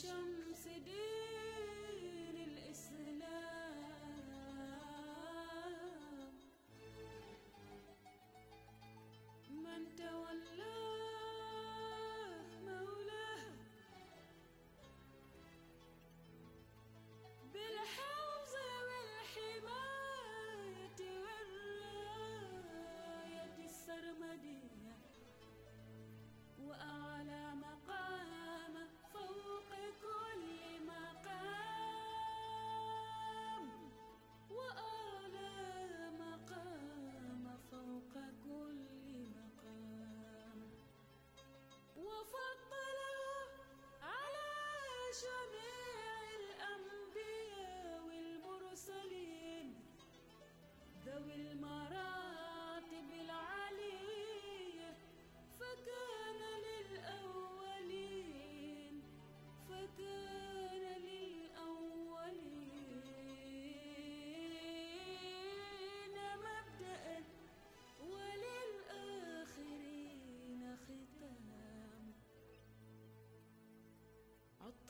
show.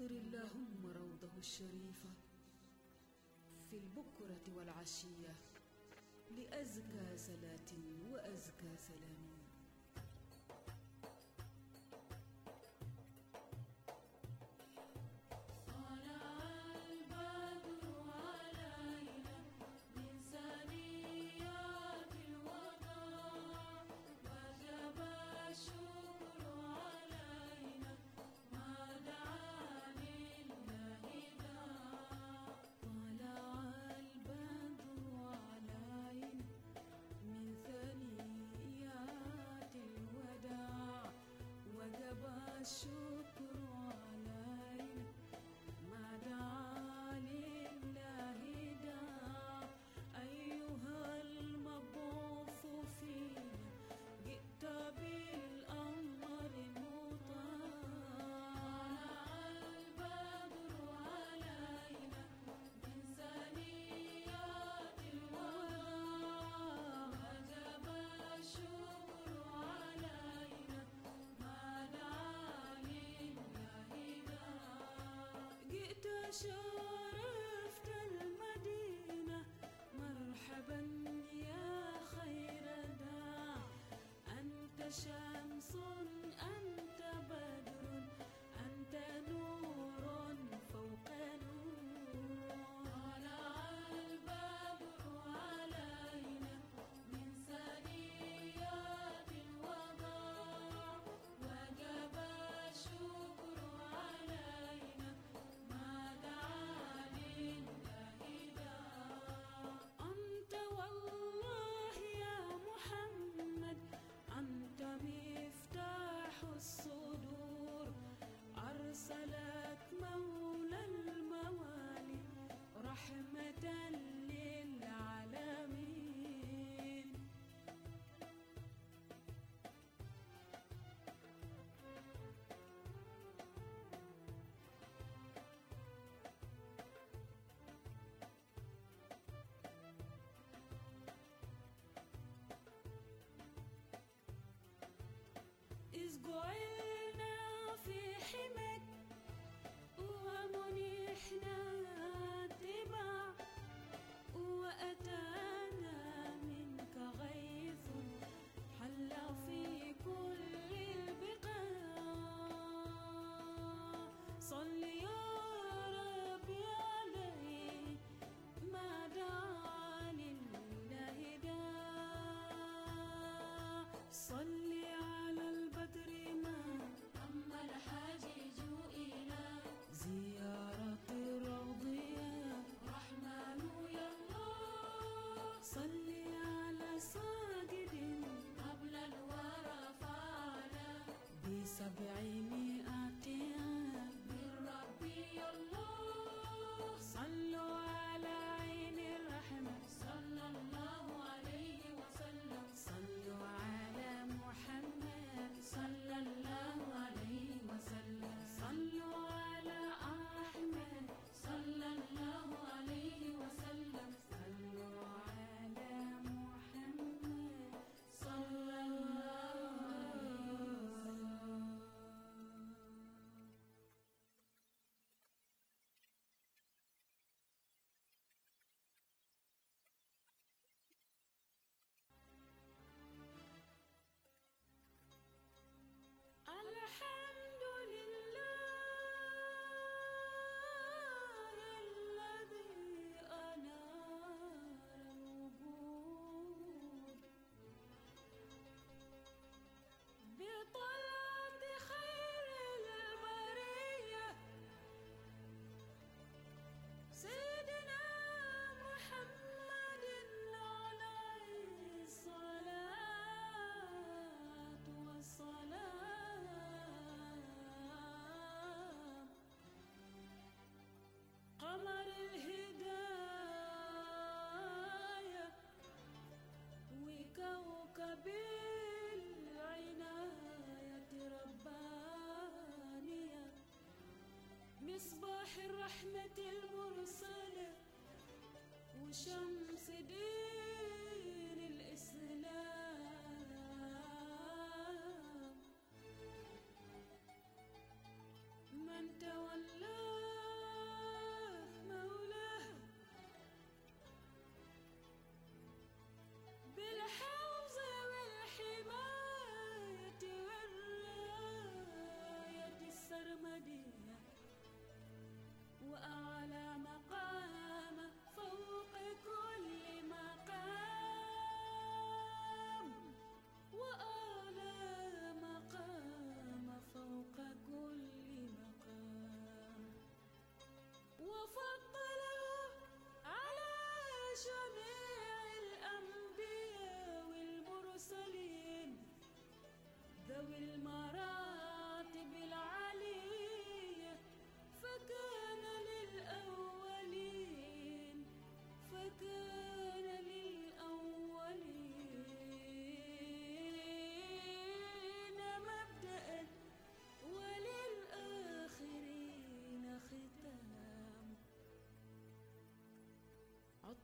طهر اللهم روضه الشريف في البكرة والعشية لأزكى صلاة وأزكى سلام show. Goyle سبعين 生。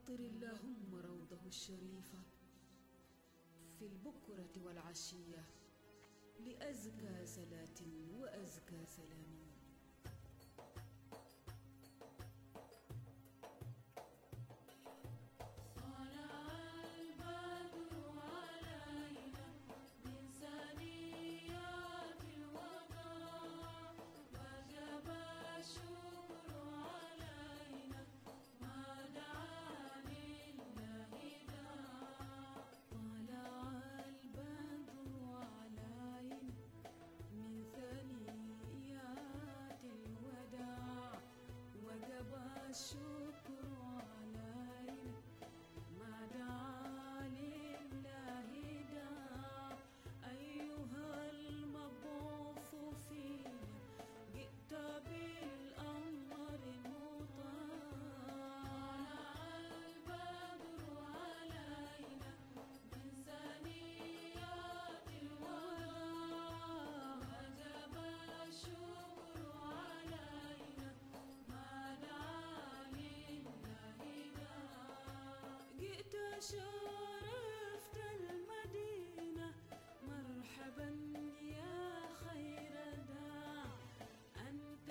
عطر اللهم روضه الشريف في البكرة والعشية لأزكى صلاة وأزكى سلام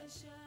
شاء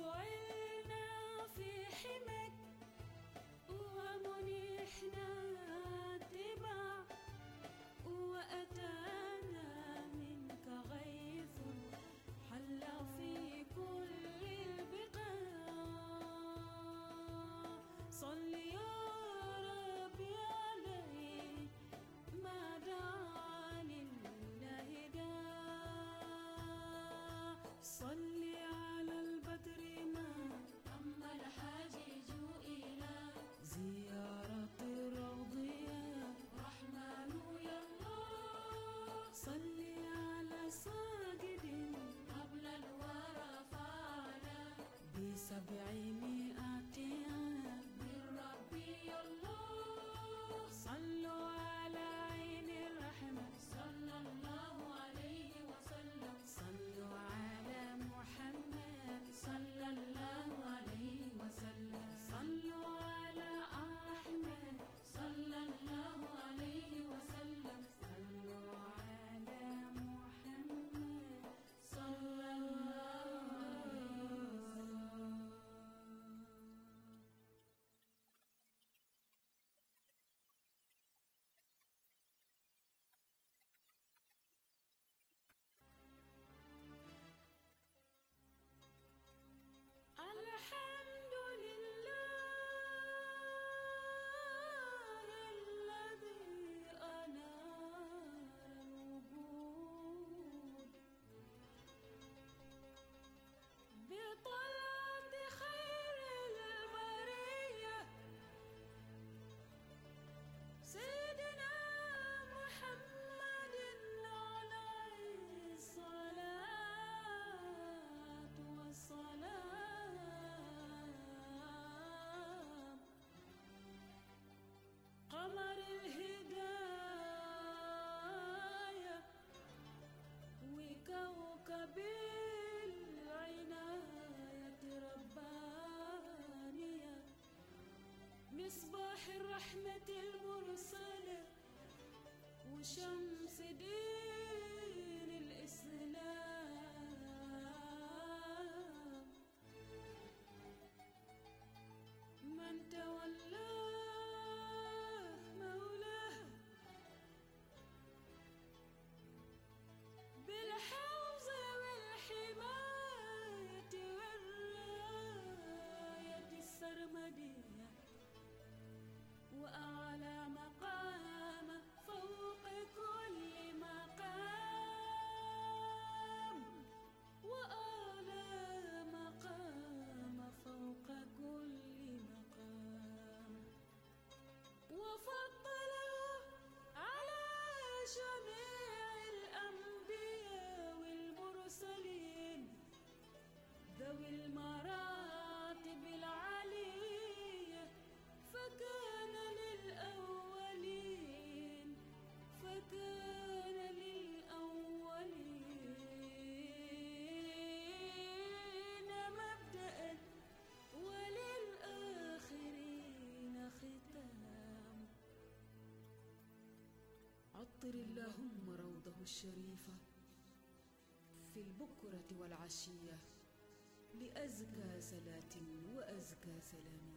Spoil 相。عطر اللهم روضه الشريفة في البكرة والعشية لأزكى صلاة وأزكى سلام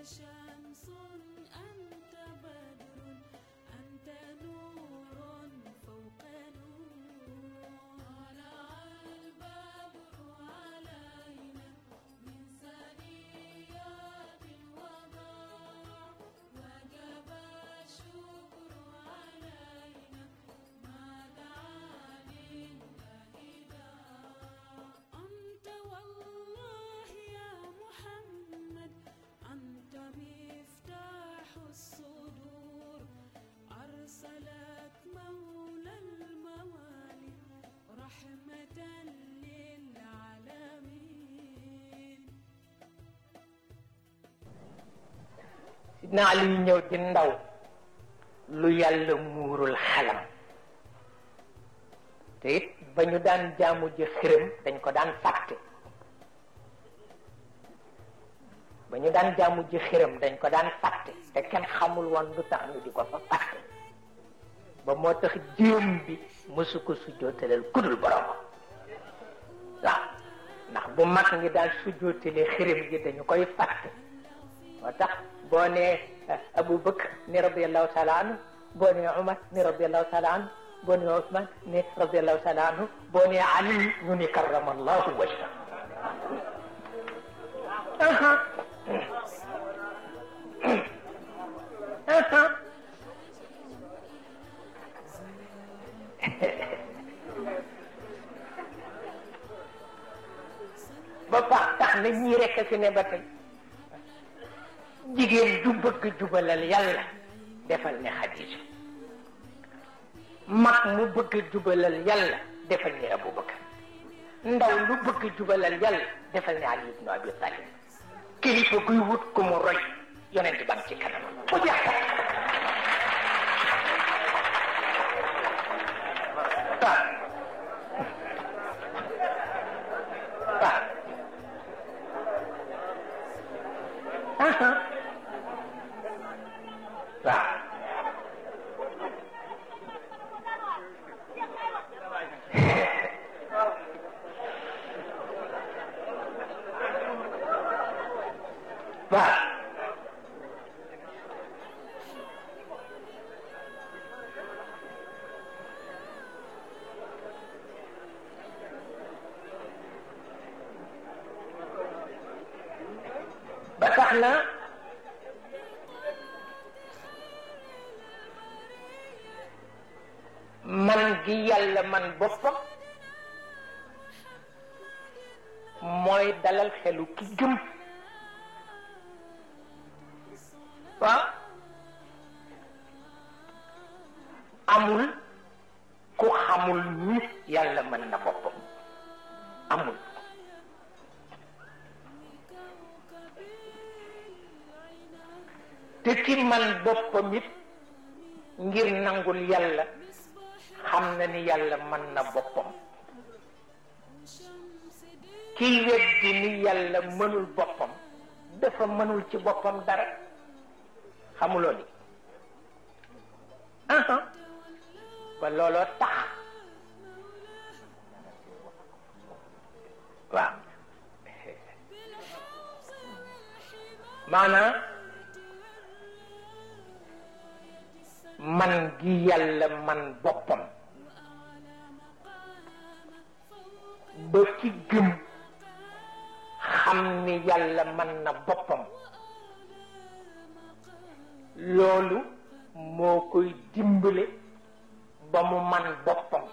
shine. sidna ali ñëw di ndaw lu yàlla muurul xelam te it ba ñu daan jaamu ji xërëm dañ ko daan fàtte ba ñu daan jaamu ji xërëm dañ ko daan fàtte te kenn xamul woon lu tax ñu di ko fa fàtte ba moo tax jéem bi mësu ko sujjootaleel kudul borom waaw ndax bu mag ngi daan sujjootale xërëm gi dañu koy fàtte moo tax boo nee Abu Bakr ni radiallahu taala anhu boo nee Umar ni radiallahu taala anhu boo nee Ousmane ni radiallahu taala anhu boo nee Ali ñu ni karamallahu wajha ba pax tax na ñii rekk fi ne ba tey jigéen du bëgg jubalal yàlla defal ne Xadija mag mu bëgg jubalal yàlla defal ne Abubakar ndaw lu bëgg jubalal yàlla defal ne Ali ibnu Abi Talib kilifa guy wut ku mu roy yonent ba ci kanam bu jeex waaw gi yàlla man boppam mooy dalal xelu ki gëm waaw ah? amul ku xamul ni yàlla mën na boppam amul te ki man boppam it ngir nangul yàlla ni yàlla mën na boppam kiy weddi ni yàlla mënul boppam dafa mënul ci boppam dara xamuloo ni aha ba looloo tax waaw maanaam man gi yàlla man boppam ba ki gëm xam ni yàlla mën na boppam loolu moo koy dimbale ba mu man boppam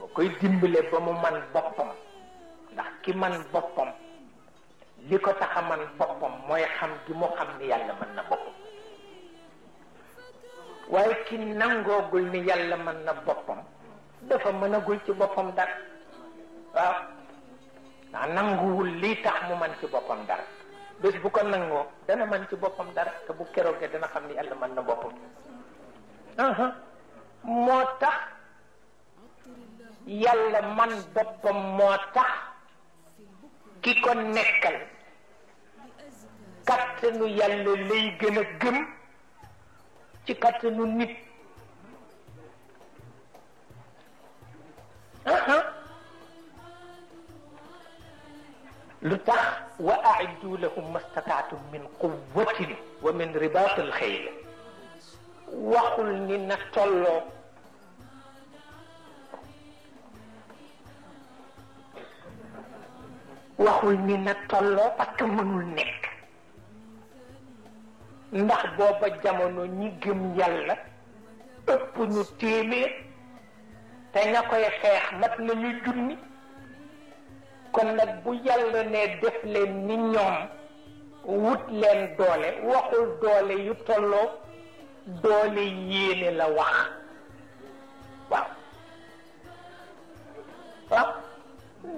moo koy dimbale ba mu man boppam ndax ki man boppam li ko tax man boppam mooy xam gi mu xam ni yàlla mën na boppam waaye ki nangoogul ni yàlla mën na boppam dafa mënagul ci boppam dara waaw nanguwul lii tax mu man ci boppam dara bés bu ko nangoo dana man ci boppam dara te bu keroogee dana xam ni yàlla man na boppam moo tax yàlla man boppam moo tax ki ko nekkal kattanu yàlla lay gën a gëm ci kattanu nit lu tax wa aiddu lahum mastataatum min quwatin wa min ribaatil xayl waxul ni na tolloo waxul ni na tolloo parce que mënul nekk ndax booba jamono ñi gëm yàlla ëpp ñu téeméer te ña koy xeex mat nañu junni kon nag bu yàlla ne def leen ni ñoom wut leen doole waxul doole yu tolloo doole yéene la wax waaw waaw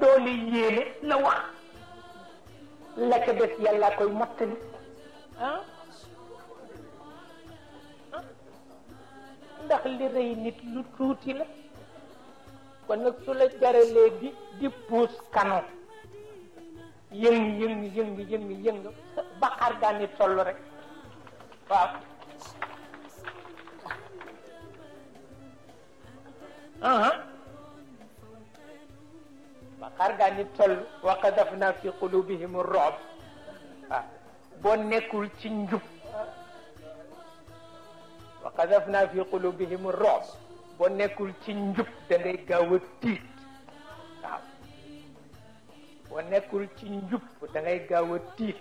doole yéene la wax la ca def yàlla koy mottali ah. Ah. ndax li rëy nit lu tuuti la kon nag su la jaralee di di puus canon yëng yëng yëng yëng yëng ba xar gaa ni toll rek waaw ba xar gaa ni toll wa qadafna fi qulubihim ar-ru'b waaw ah. boo nekkul ci njub wa qadafna fi qulubihim ar-ru'b boo nekkul ci njub da ngay tiit waaw boo nekkul ci njub da ngay gaaw tiit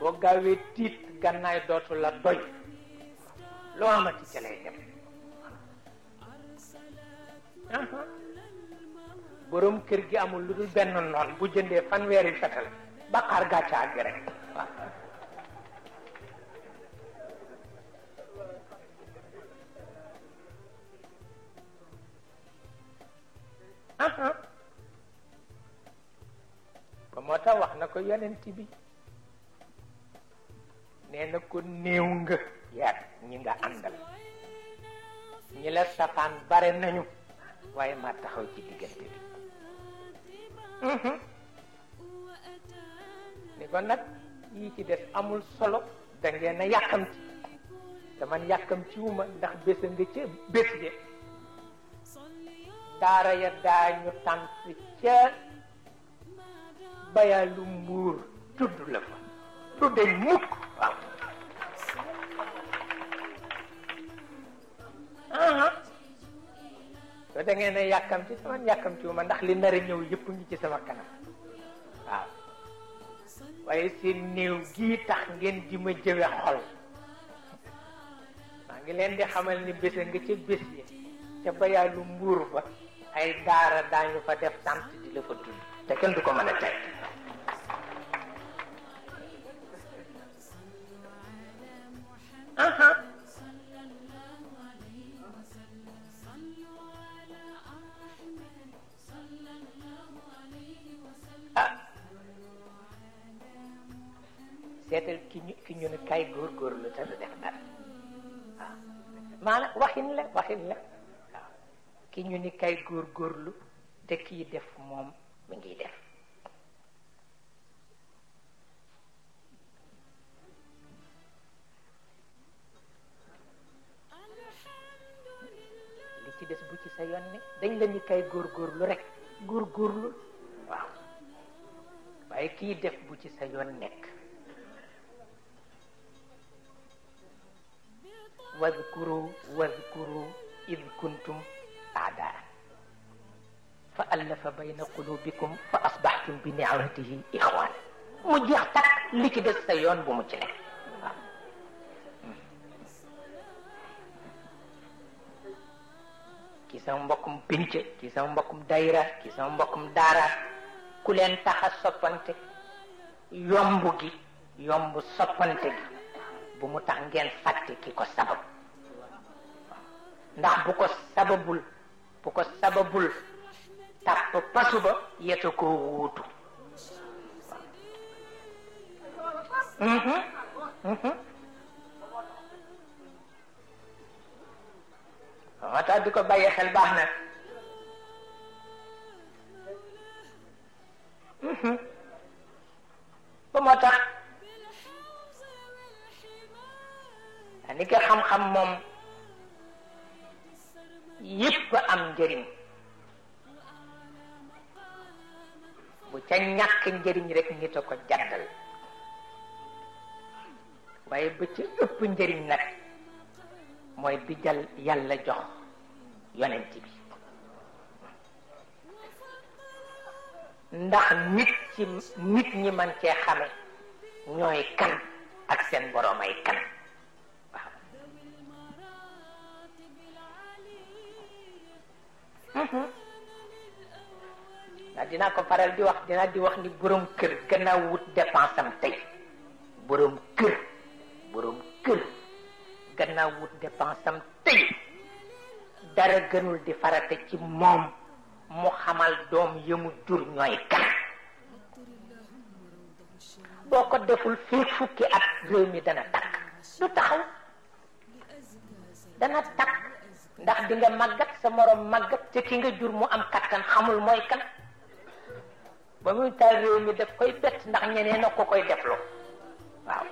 boo gaawee tiit gannaay dootu la doy loo amati ca lay dem borom kër gi amul lu dul benn noon bu jëndee fanweeri fetal baqaar gàcce àgg rek waaw ba moo tax wax na ko yonent bi nee na ko néew nga yar ñi nga àndal ñi la safaan bare nañu waaye ma taxaw ci diggante bi mhm. ni ko nag yii ci des amul solo da ngeen a yàkkamti te man yàkkamti wu ma ndax bés a nga ca bés je daara ya daañu tànt ca bayalu mbuur tudd la fa du deñ mukk waaw soo da ngeen ne sama yàkkam ci ma ndax li nar a ñëw yëpp ngi ci sama kanam waaw waaye seen néew gii tax ngeen di ma jëwe xol maa ngi leen di xamal ni bés nga ca bés yi ca bayalu mbuur ba ay daara daañu fa def tant di la fa dund te kenn du ko mën a tey aha ah. seetal ki ñu ki ñu ne kay góorgóorlu te du def dara waaw ah. maanaam waxin la waxin la ki ñu ni kay góorgóorlu te kii def moom mu ngi def li ci des bu ci sa yoon ne dañ la ni kay góor góorgóorlu rek góorgóorlu waaw waaye kii def bu ci sa yoon nekk wadkuru wadkuru id kuntum أعداء fa بين قلوبكم فأصبحتم بنعمته إخوان mu jeex takk li ci des sa yoon bu mu ci nekk waaw ki sama mbokkum pinc ki sama mbokkum dayra ki sama mbokkum daara ku leen taxa a soppante yomb gi yomb soppante bu mu tax ngeen ki ko sabab ndax bu ko sababul ku ko sababul tàpp pasu ba yetu koo wuutu mm-hmm. Mm-hmm. moo tax di ko bàyyi xel baax na mm-hmm. ba moo tax ni ko xam-xam moom yépp am njëriñ bu ca ñàkk njëriñ rek nit a ko jàddal waaye ba ca ëpp njëriñ nag mooy bi yàlla jox yonent bi ndax nit ci nit ñi man cee xame ñooy kan ak seen boroom ay kan Mhm. ndax dinaa ko faral di wax dinaa di wax ni borom kër gannaaw wut dépense am tey borom kër borom kër gën wut dépense tey dara gënul di farata ci moom mu xamal doom yëmu jur ñooy kan boo ko deful fii fukki at réew mi dana takk du taxaw dana takk ndax di nga sa morom màggat te ki nga jur mu am kattan xamul mooy kan ba muy taal réew mi daf koy bett ndax ñeneen na ko koy defloo waaw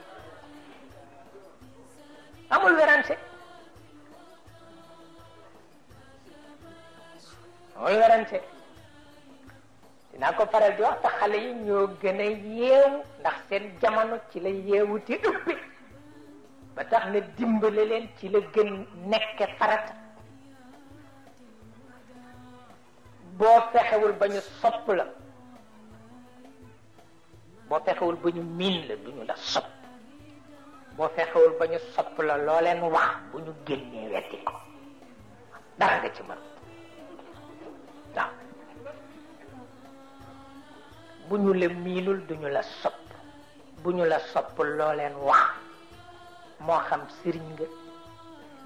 amul werante amul werante dinaa ko faral di wax te xale yi ñoo gën a yeewu ndax seen jamono ci la yeewu ti ubbi ba tax na dimbale leen ci la gën nekke farata boo fexewul ba ñu sopp la boo fexewul ba ñu miin la du ñu la sopp boo fexewul ba ñu sopp la loo leen wax bu ñu génnee wetti ko dara ci mën waaw bu ñu la sopp bu ñu la sopp loo leen wax moo xam sëriñ nga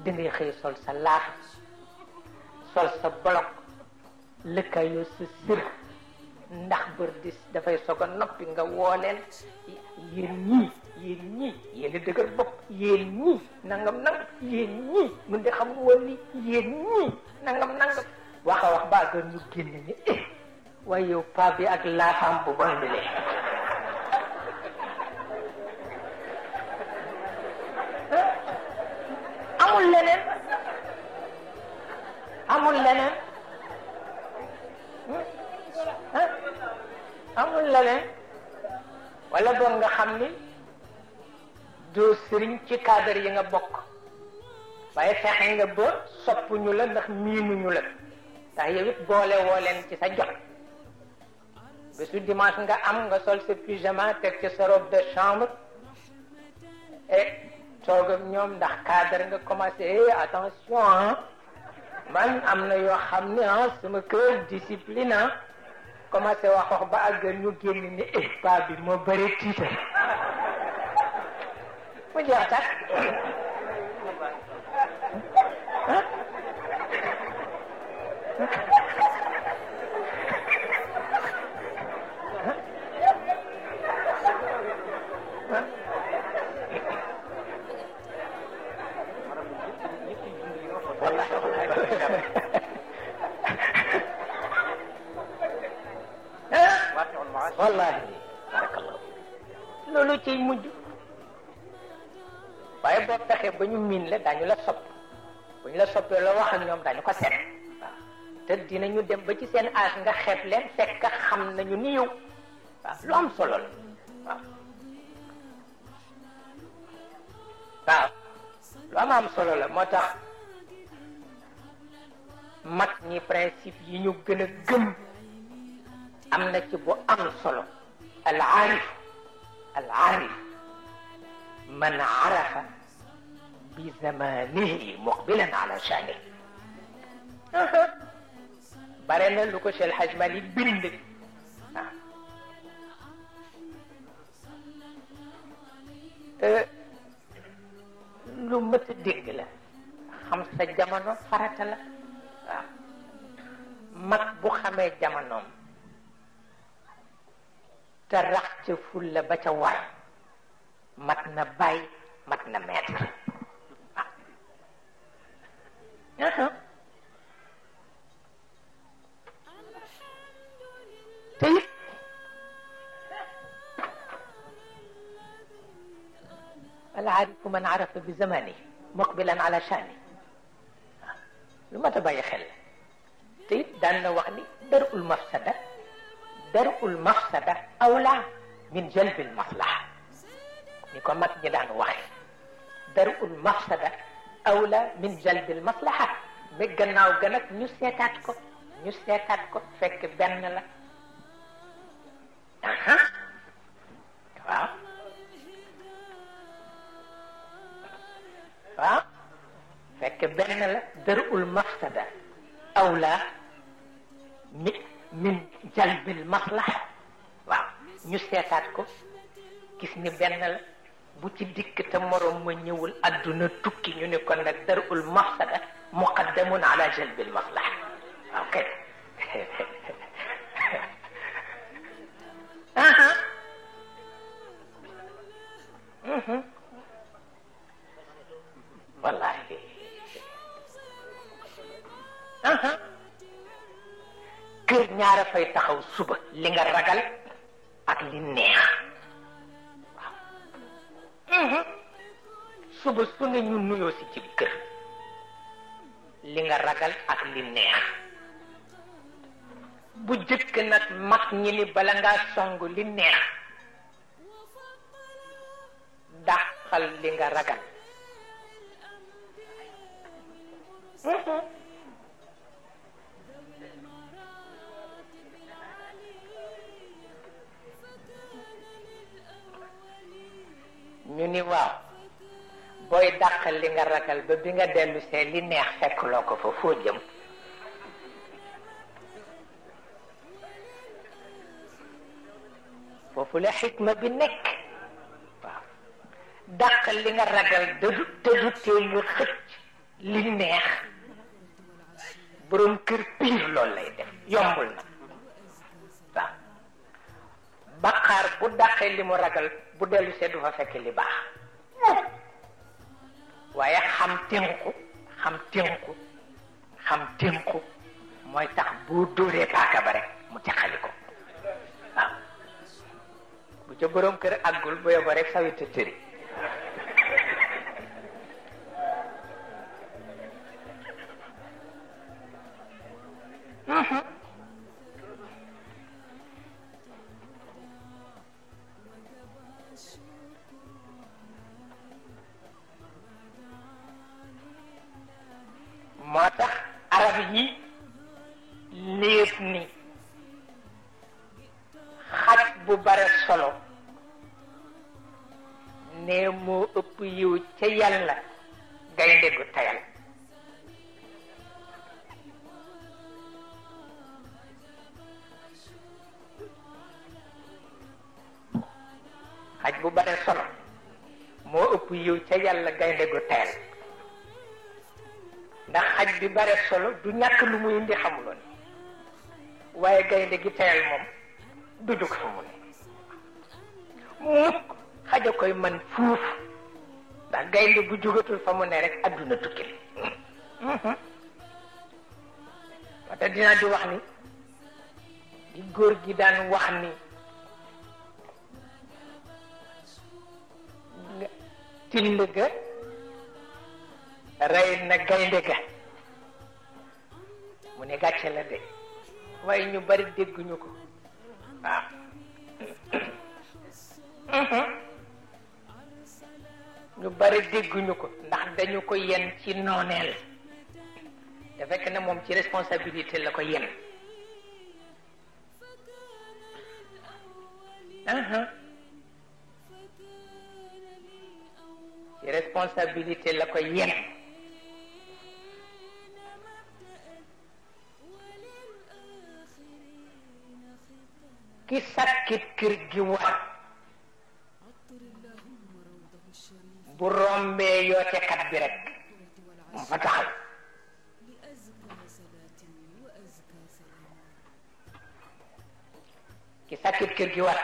dangay xëy sol sa laax sol sa bolok lëkkaayoo sa sër ndax bër di dafay soog a noppi nga woo leen yéen ñii yéen ñii yéen a dëgër bopp yéen ñii nangam nangam yéen ñii mun de xam woon wax a wax baa gën ñu ni eh waaye yow paa bi ak laafaam bu bon bi lee amul leneen amul leneen amul leneen wala doon nga xam ni doo sëriñ ci cadre yi nga bokk waaye fexe nga ba soppuñu la ndax miinuñu la ndax yow boole woo leen ci sa jot bésu dimanche nga am nga sol sa pyjama teg ci sa robe de chambre et toog ak ñoom ndax cadre nga commencé eh, attention ah man am na yoo xam ne ah sama kër discipline ah commencé waxox ba àgg ñu génn ni paa bi moo bëri tiital mu jeex tax fexe ba ñu miin la ñu la sopp bu ñu la soppee la wax ak ñoom dañu ko set waaw te dinañu dem ba ci seen âge nga xeeb leen fekk xam nañu ni yow waaw lu am solo la am am solo la moo tax mag ñi principe yi ñu gën a gëm am na ci bu am solo al aarif al aarif man arafa بزمانه مقبلا على شأنه bare na lu ko Cheikh Hadj Malick bind waaw lu mët a dégg la xam sa jamono farata la waaw mag bu xamee jamonoom te rax ca ful la ba ca war mat na bàyyi mat na maître te it alhaariku man arafa bi zamani muqbilan ala shani lu mat a bàyyi xel te it daan na wax ni darul mafsada darul mafsada awla min jalbil maslaha ni ko mag ñi daan waxe darul mafsada awla min jalbil maslaha mais gannaaw ga nag ñu seetaat ko ñu seetaat ko fekk benn la aha fekk benn la darul mafsada awla mi min jalbil maslaha waaw ñu seetaat ko gis ni benn la bu ci dikk te morom ma ñëwul adduna tukki ñu ne kon nag darul mafsada muqaddamun ala jalbil maslaha ok wallahi kër ñaara fay taxaw suba li ragal ak neex suba su ne ñu nuyoo si ci kër li nga ragal ak li neex bu jëkk nag mag ñi ni bala ngaa song li neex dàqal li nga ragal ñu ni waaw booy dàqal li nga ragal ba bi nga dellu li neex fekkuloo ko fa foo jëm foofu la xikma bi nekk waaw li nga ragal dëdu dëdu tee nga xëcc li neex borom kër piir loolu lay def yombul na waaw baqaar bu dàqee li mu ragal bu dellu see du fa fekk li baax waaye xam tënku xam tënku xam tënku mooy tax boo dóoree paaka ba rek mu teqali ko waaw bu ca borom kër àggul bu ba rek sawi tëtëri lu muy indi xamuloon waaye gaynde gi tayal moom du jóg fa mu ne mukk xaj koy man fuuf ndax gaynde bu jógatul fa mu ne rek adduna tukki wata mhm. dinaa di wax ni di góor gi daan wax ni till ga rey na gaynde ga ne gàcce la de waaye ñu bari dégguñu ko mhm. ñu bari dégguñu ko ndax dañu ko yenn ci nooneel te fekk na moom ci responsabilité la ko yenn mhm. ci responsabilité ki sàkkit kër gi war bu rombee yootekat bi rek mu fa kër gi war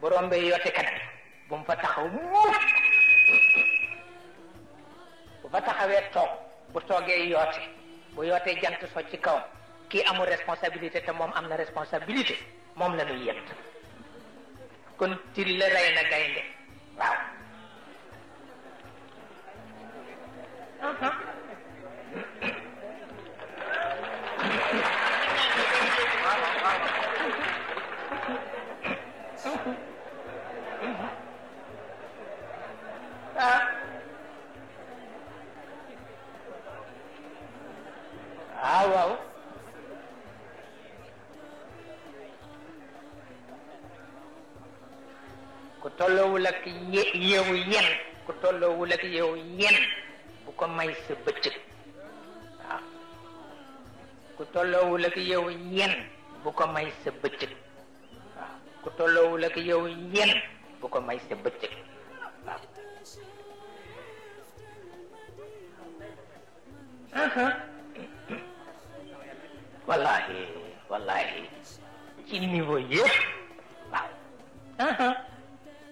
bu rombee yootekat bi bu mu fa taxaw mukk bu fa taxawee toog bu toogee yoote bu yootee jant so ci kawam kii amu responsabilité te moom am na responsabilité moom la ñuy kon til la rey na gaynde waaw ah, tolloowul ak yeewu yen ku tolloowul ak yeewu yen bu ko may sa bëccëg waaw ku tolloowul ak yeewu yen bu ko ma sa bëccëg waaw ku tolloowul ak yeewu yen bu ko may sa bëccëg wallahi wallahi ci niveau